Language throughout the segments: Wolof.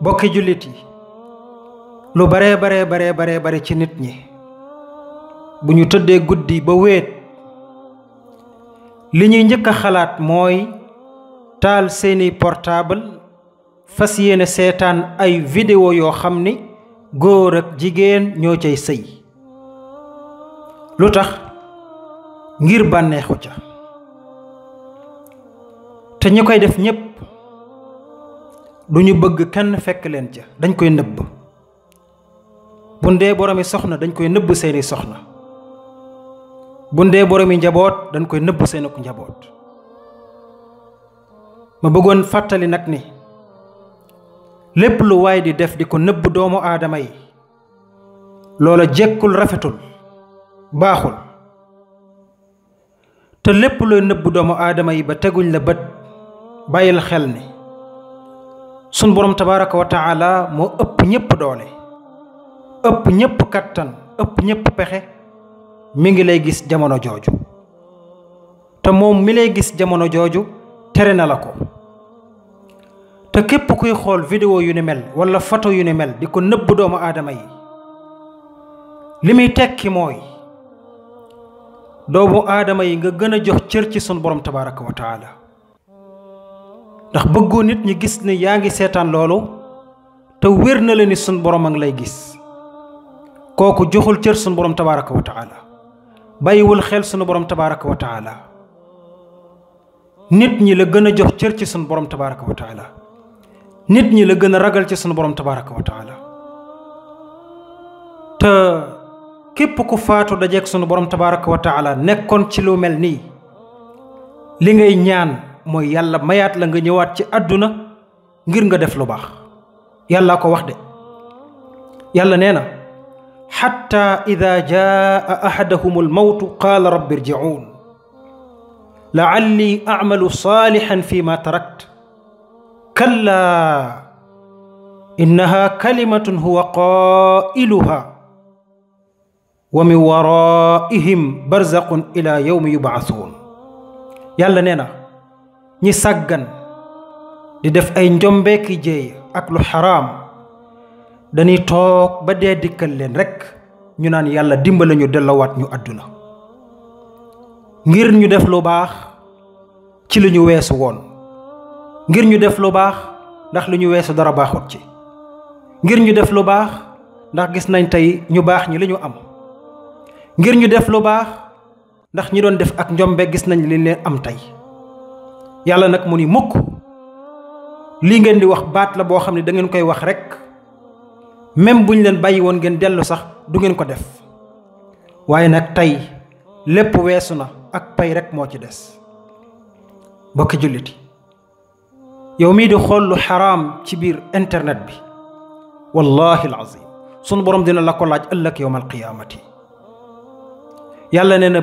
bokki jullit yi lu baree baree baree baree bare ci nit ñi bu ñu tëddee guddi ba wéet li ñuy njëkk a xalaat mooy taal seeni portable fas yéene seetaan ay vidéo yoo xam ni góor ak jigéen ñoo cay sëy lu tax ngir bànneexu ca te ñu koy def ñépp du ñu bëgg kenn fekk leen ca dañ koy nëbb bu ndee boromi soxna dañ koy nëbb seeni soxna bu ndee boromi njaboot dañ koy nëbb seeni njaboot ma bëggoon fàttali nag ni lépp lu waay di def di ko nëbb doomu aadama yi loola jekkul rafetul baaxul te lépp looy nëbb doomu aadama yi ba teguñ la bët bàyyil xel ni sun borom tabaraka wa taala moo ëpp ñëpp doole ëpp ñëpp kattan ëpp ñëpp pexe mi ngi lay gis jamono jooju te moom mi lay gis jamono jooju tere na la ko te képp kuy xool vidéo yu ni mel wala photo yu ni mel di ko nëbb doomu aadama yi li muy tekki mooy doomu aadama yi nga gën a jox cër ci sun borom tabaraka wa ndax bëggoo nit ñi gis ne yaa ngi seetaan loolu te wér na la ni sun borom a lay gis kooku joxul cër sunu borom tabaaraka wa bàyyiwul xel sunu borom tabaaraka wa nit ñi la gën a jox cër ci sunu borom tabaaraka wa nit ñi la gën a ragal ci sunu borom tabaaraka wa te képp ku faatu dajeeg sunu borom tabaaraka nekkoon ci lu mel nii li ngay ñaan. mooy yàlla mayaat la nga ñëwaat ci àdduna ngir nga def lu baax yàlla ko wax de yàlla nee na xatta ida jaa ahadahum almawtu qaala rabbi irjicuun laalli acmalu saalixan fi ma tarakt kallaa innaha kalimatun huwa qailuha wa min waraihim barzaqun ila yowmi yubcasuun yàlla nee na ñi sàggan di def ay njombeeki jéey ak lu xaraam dañuy toog ba dee dikkal leen rekk ñu naan yàlla dimbale ñu dellowaat ñu àdduna ngir ñu def lu baax ci li ñu weesu woon ngir ñu def lu baax ndax li ñu weesu dara baaxut ci ngir ñu def lu baax ndax gis nañ tey ñu baax ñi li ñu am ngir ñu def lu baax ndax ñi doon def ak njombe gis nañ li leen am tey yàlla nag mu ni mukk lii ngeen di wax baat la boo xam ne da ngeen koy wax rek même bu ñu leen bàyyi woon ngeen dellu sax du ngeen ko def waaye nag tey lépp weesu na ak pay rek moo ci des bokki julliti yow mii di xool lu xaraam ci biir internet bi wallahi alazim sunu borom dina la laaj ëllëg yowm alqiyaamati yàlla nee na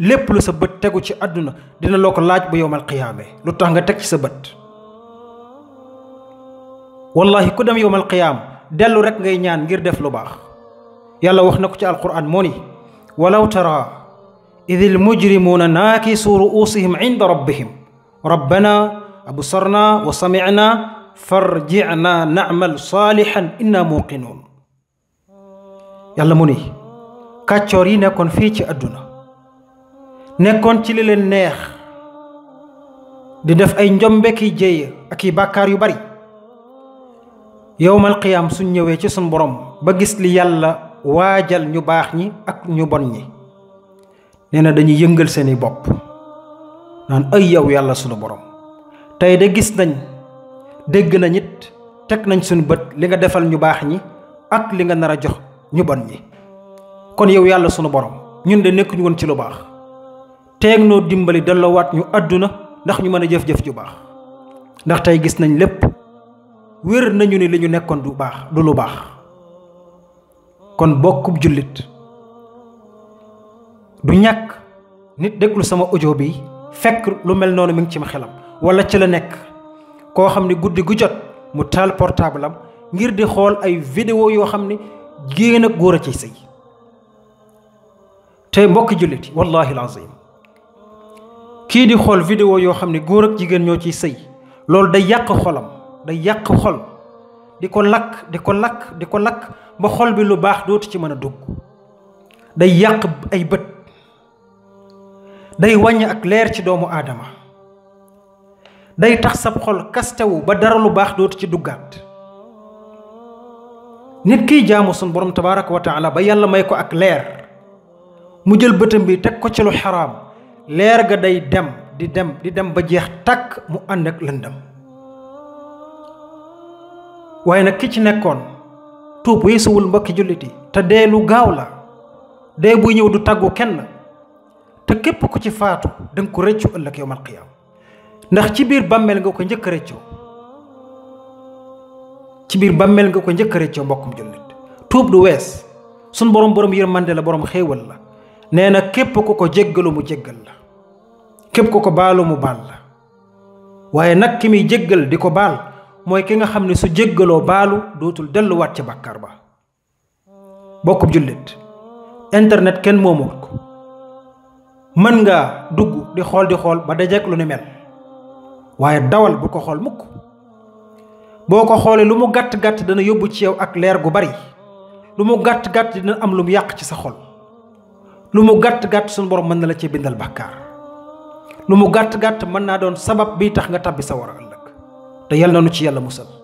lépp lu sa bët tegu ci àdduna dina loo laaj bu yowmal qiyaame lu tax nga teg ci sa bët wallahi ku dem yowmal qiyaam dellu rek ngay ñaan ngir def lu baax yàlla wax na ko ci alquran moo ni walaw tara id il mujrimuuna naakisu ruusihim inda rabbihim rabbana absarna wa samicna farjicna nacmal saalixan inna muuqinuun yàlla mu ni kàccoor yi nekkoon fii ci àdduna nekkoon ci li leen neex di def ay njombeeki jéeya ak i bàkkaar yu bari yowmal qiyaam suñ ñëwee ci suñ borom ba gis li yàlla waajal ñu baax ñi ak ñu bon ñi nee na dañuy yëngal seeni bopp naan ay yow yàlla sunu borom tey de gis nañ dégg nañ it teg nañ suñu bët li nga defal ñu baax ñi ak li nga nar a jox ñu bon ñi kon yow yàlla sunu borom ñun de nekkuñu woon ci lu baax teeg noo dimbali dallowaat ñu àdduna ndax ñu mën a jëf-jëf ju baax ndax tey gis nañ lépp wér nañu ni li ñu nekkoon du baax du lu baax kon bokkub jullit du ñàkk nit déglu sama ojo bi fekk lu mel noonu mi ngi ci ma xelam wala ci la nekk koo xam ne guddi gu jot mu taal portable am ngir di xool ay vidéo yoo xam ne génn ak góor a ci sëy te mbokki jullit yi wallahi lazim kii di xool vidéo yoo xam ne góor ak jigéen ñoo ciy sëy loolu day yàq xolam day yàq xol di ko lakk di ko lakk di ko lakk ba xol bi lu baax dootu ci mën a dugg day yàq ay bët day wàññi ak leer ci doomu aadama day tax sab xol kastewu ba dara lu baax dootu ci duggaat nit kiy jaamu sun borom tabaaraka wa taala ba yàlla may ko ak leer mu jël bëtam bi teg ko ci lu xaraam leer ga day dem di dem di dem ba jeex takk mu ànd ak lëndëm waaye nag ki ci nekkoon tuub weesuwul mbokki jullit te dee lu gaaw la dee buy ñëw du tàggu kenn te képp ku ci faatu danga ko rëccu ëllëg yawmal qiyaam ndax ci biir bàmmeel nga ko njëkk a rëccoo ci biir bàmmeel nga ko njëkk a rëccoo mbokkum jullit tuub du wees sun borom borom yërmande la borom xéewal la nee na képp ku ko jéggalu mu jéggal la képp ko ko baalu mu baal la waaye nag ki muy jéggal di ko baal mooy ki nga xam ne su jéggaloo baalu dootul delluwaat ci bàkkaar ba bokkub jullit internet kenn moomuwut ko mën nga dugg di xool di xool ba dajeek lu ni mel waaye dawal bu ko xool mukk boo ko xoolee lu mu gàtt gàtt dana yóbbu ci yow ak leer gu bari lu mu gàtt gàtt dina am lu mu yàq ci sa xol lu mu gàtt gàtt suñu borom mën na la ci bindal bàkkaar lu mu gàtt-gàtt mën naa doon sabab bi tax nga tabbi sa war a ëllëg te yal na nu ci yàlla musal